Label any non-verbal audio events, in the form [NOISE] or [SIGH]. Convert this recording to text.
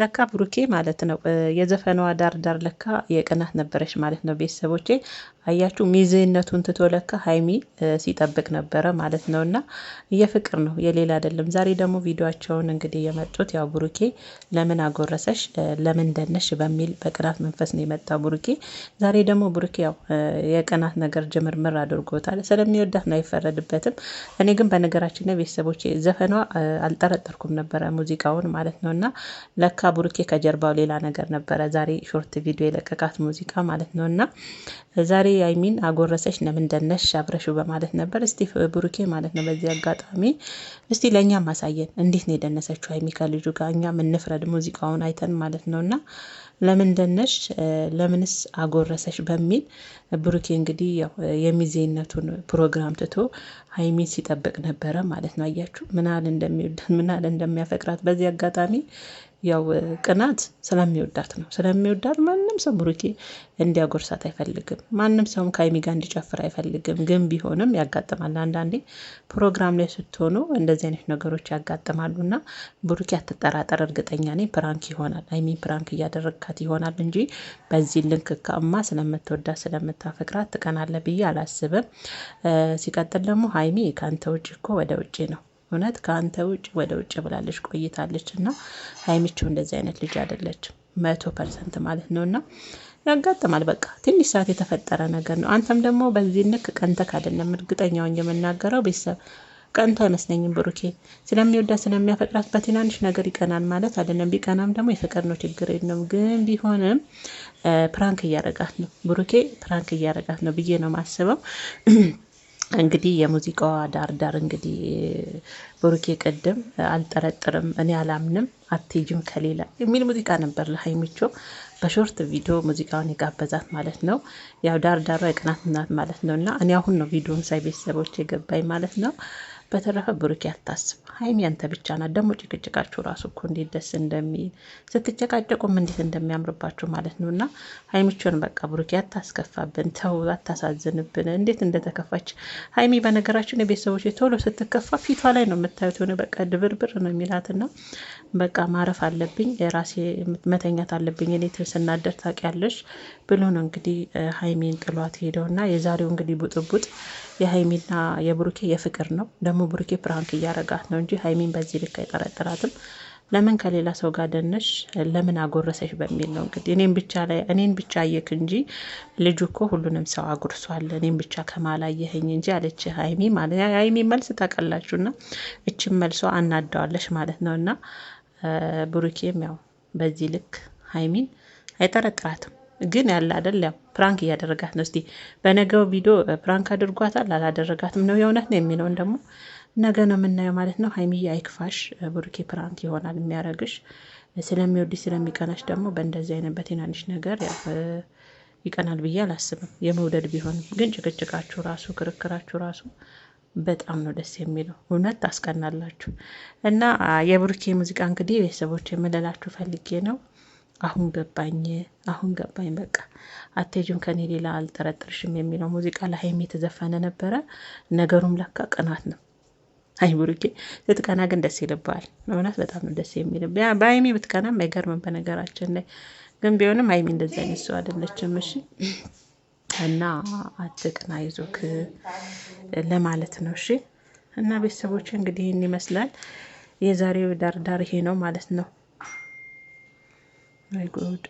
ለካ ብሩኬ ማለት ነው የዘፈኗ ዳር ዳር ለካ የቅናት ነበረች ማለት ነው። ቤተሰቦቼ አያችሁ ሚዜነቱን ትቶ ለካ ሀይሚ ሲጠብቅ ነበረ ማለት ነው። እና የፍቅር ነው የሌላ አይደለም። ዛሬ ደግሞ ቪዲዮቸውን እንግዲህ የመጡት ያው ብሩኬ ለምን አጎረሰሽ ለምን ደነሽ በሚል በቅናት መንፈስ ነው የመጣው ብሩኬ። ዛሬ ደግሞ ብሩኬ ያው የቅናት ነገር ጅምርምር አድርጎታል። ስለሚወዳት ነው አይፈረድበትም። እኔ ግን በነገራችን ቤተሰቦቼ ዘፈኗ አልጠረጠርኩም ነበረ ሙዚቃውን ማለት ነው እና ለካ ቡሩኬ ከጀርባው ሌላ ነገር ነበረ። ዛሬ ሾርት ቪዲዮ የለቀቃት ሙዚቃ ማለት ነው። እና ዛሬ አይሚን አጎረሰች ለምን ደነሽ አብረሹ በማለት ነበር። እስቲ ቡሩኬ ማለት ነው በዚህ አጋጣሚ እስቲ ለእኛ ማሳየን እንዴት ነው የደነሰችው አይሚ ከልጁ ጋር፣ እኛ ምንፍረድ ሙዚቃውን አይተን ማለት ነው እና ለምን ደነሽ ለምንስ አጎረሰሽ በሚል ብሩኬ እንግዲህ ያው የሚዜነቱን ፕሮግራም ትቶ ሀይሚን ሲጠብቅ ነበረ ማለት ነው። አያችሁ ምናል እንደሚወዳት ምናል እንደሚያፈቅራት በዚህ አጋጣሚ ያው ቅናት ስለሚወዳት ነው። ስለሚወዳት ማንም ሰው ብሩኬ እንዲያጎርሳት አይፈልግም። ማንም ሰውም ከሀይሚ ጋር እንዲጨፍር አይፈልግም። ግን ቢሆንም ያጋጥማል። አንዳንዴ ፕሮግራም ላይ ስትሆኑ እንደዚህ አይነት ነገሮች ያጋጥማሉ እና ብሩኬ አትጠራጠር፣ እርግጠኛ ነኝ ፕራንክ ይሆናል። ሀይሚን ፕራንክ እያደረግካት ይሆናል እንጂ በዚህ ከእማ ስለምትወዳት ስለምታፈቅራት ትቀናለ ብዬ አላስብም። ሲቀጥል ደግሞ ሀይሚ ከአንተ ውጭ እኮ ወደ ውጭ ነው እውነት ከአንተ ውጭ ወደ ውጭ ብላለች ቆይታለች። እና ሀይሚቸው እንደዚህ አይነት ልጅ አይደለችም፣ መቶ ፐርሰንት ማለት ነው። እና ያጋጥማል፣ በቃ ትንሽ ሰዓት የተፈጠረ ነገር ነው። አንተም ደግሞ በዚህ ንክ ቀንተክ አይደለም እርግጠኛውን የምናገረው ቤተሰብ ቀንቶ አይመስለኝም። ብሩኬ ስለሚወዳ ስለሚያፈቅራት በትናንሽ ነገር ይቀናል ማለት አይደለም። ቢቀናም ደግሞ የፍቅር ነው፣ ችግር የለውም። ግን ቢሆንም ፕራንክ እያረጋት ነው፣ ብሩኬ ፕራንክ እያረጋት ነው ብዬ ነው ማስበው። [CLEARS THROAT] እንግዲህ የሙዚቃዋ ዳር ዳር እንግዲህ ብሩኬ ቅድም አልጠረጥርም፣ እኔ አላምንም፣ አትሄጂም ከሌላ የሚል ሙዚቃ ነበር ለሀይሚቾ በሾርት ቪዲዮ ሙዚቃውን የጋበዛት ማለት ነው። ያው ዳር ዳሯ የቅናት ናት ማለት ነው። እና እኔ አሁን ነው ቪዲዮን ሳይ ቤተሰቦች የገባኝ ማለት ነው። በተረፈ ብሩኬ አታስብ፣ ሀይሚ ያንተ ብቻ ናት። ደግሞ ጭቅጭቃችሁ ራሱ እኮ እንዴት ደስ እንደሚል ስትጨቃጨቁም እንዴት እንደሚያምርባችሁ ማለት ነው። እና ሀይሚቾን በቃ ብሩኬ አታስከፋብን፣ ተው፣ አታሳዝንብን። እንዴት እንደተከፋች ሀይሚ በነገራችን የቤተሰቦች ቶሎ ስትከፋ ፊቷ ላይ ነው የምታዩት። የሆነ በቃ ድብርብር ነው የሚላትና በቃ ማረፍ አለብኝ የራሴ መተኛት አለብኝ እኔ ስናደር ታውቂያለሽ ብሎ ነው እንግዲህ ሀይሚን ጥሏት ሄደውና የዛሬው እንግዲህ ቡጥቡጥ የሀይሚና የብሩኬ የፍቅር ነው። ደግሞ ብሩኬ ፕራንክ እያረጋት ነው እንጂ ሀይሚን በዚህ ልክ አይጠረጥራትም። ለምን ከሌላ ሰው ጋር ደነሽ፣ ለምን አጎረሰሽ በሚል ነው እንግዲህ እኔን ብቻ ላይ እኔን ብቻ አየክ እንጂ ልጁ እኮ ሁሉንም ሰው አጉርሷል፣ እኔን ብቻ ከማላየህኝ እንጂ አለች ሀይሚ ማለት ሀይሚ መልስ ታቀላችሁና እችን መልሷ አናደዋለሽ ማለት ነው። እና ብሩኬም ያው በዚህ ልክ ሀይሚን አይጠረጥራትም። ግን ያለ አደል ያው ፕራንክ እያደረጋት ነው። እስቲ በነገው ቪዲዮ ፕራንክ አድርጓታል አላደረጋትም ነው የእውነት ነው የሚለውን ደግሞ ነገ ነው የምናየው ማለት ነው። ሀይሚዬ አይክፋሽ፣ ብሩኬ ፕራንክ ይሆናል የሚያረግሽ ስለሚወድሽ ስለሚቀናሽ ደግሞ በእንደዚህ አይነት በትናንሽ ነገር ይቀናል ብዬ አላስብም። የመውደድ ቢሆንም ግን ጭቅጭቃችሁ ራሱ ክርክራችሁ ራሱ በጣም ነው ደስ የሚለው። እውነት ታስቀናላችሁ። እና የብሩኬ ሙዚቃ እንግዲህ ቤተሰቦች የምለላችሁ ፈልጌ ነው አሁን ገባኝ፣ አሁን ገባኝ፣ በቃ አቴጅም ከኔ ሌላ አልጠረጥርሽም የሚለው ሙዚቃ ለሀይሚ የተዘፈነ ነበረ። ነገሩም ለካ ቅናት ነው። አይ ብሩኬ ስትቀና ግን ደስ ይልባል። እውነት በጣም ነው ደስ የሚል። በሀይሚ ብትቀናም አይገርምም። በነገራችን ላይ ግን ቢሆንም ሀይሚ እንደዚ አይነት ሰው አይደለችም። እሺ እና አትቅና፣ ይዞክ ለማለት ነው። እሺ እና ቤተሰቦች እንግዲህ ይህን ይመስላል የዛሬው ዳርዳር ይሄ ነው ማለት ነው። very good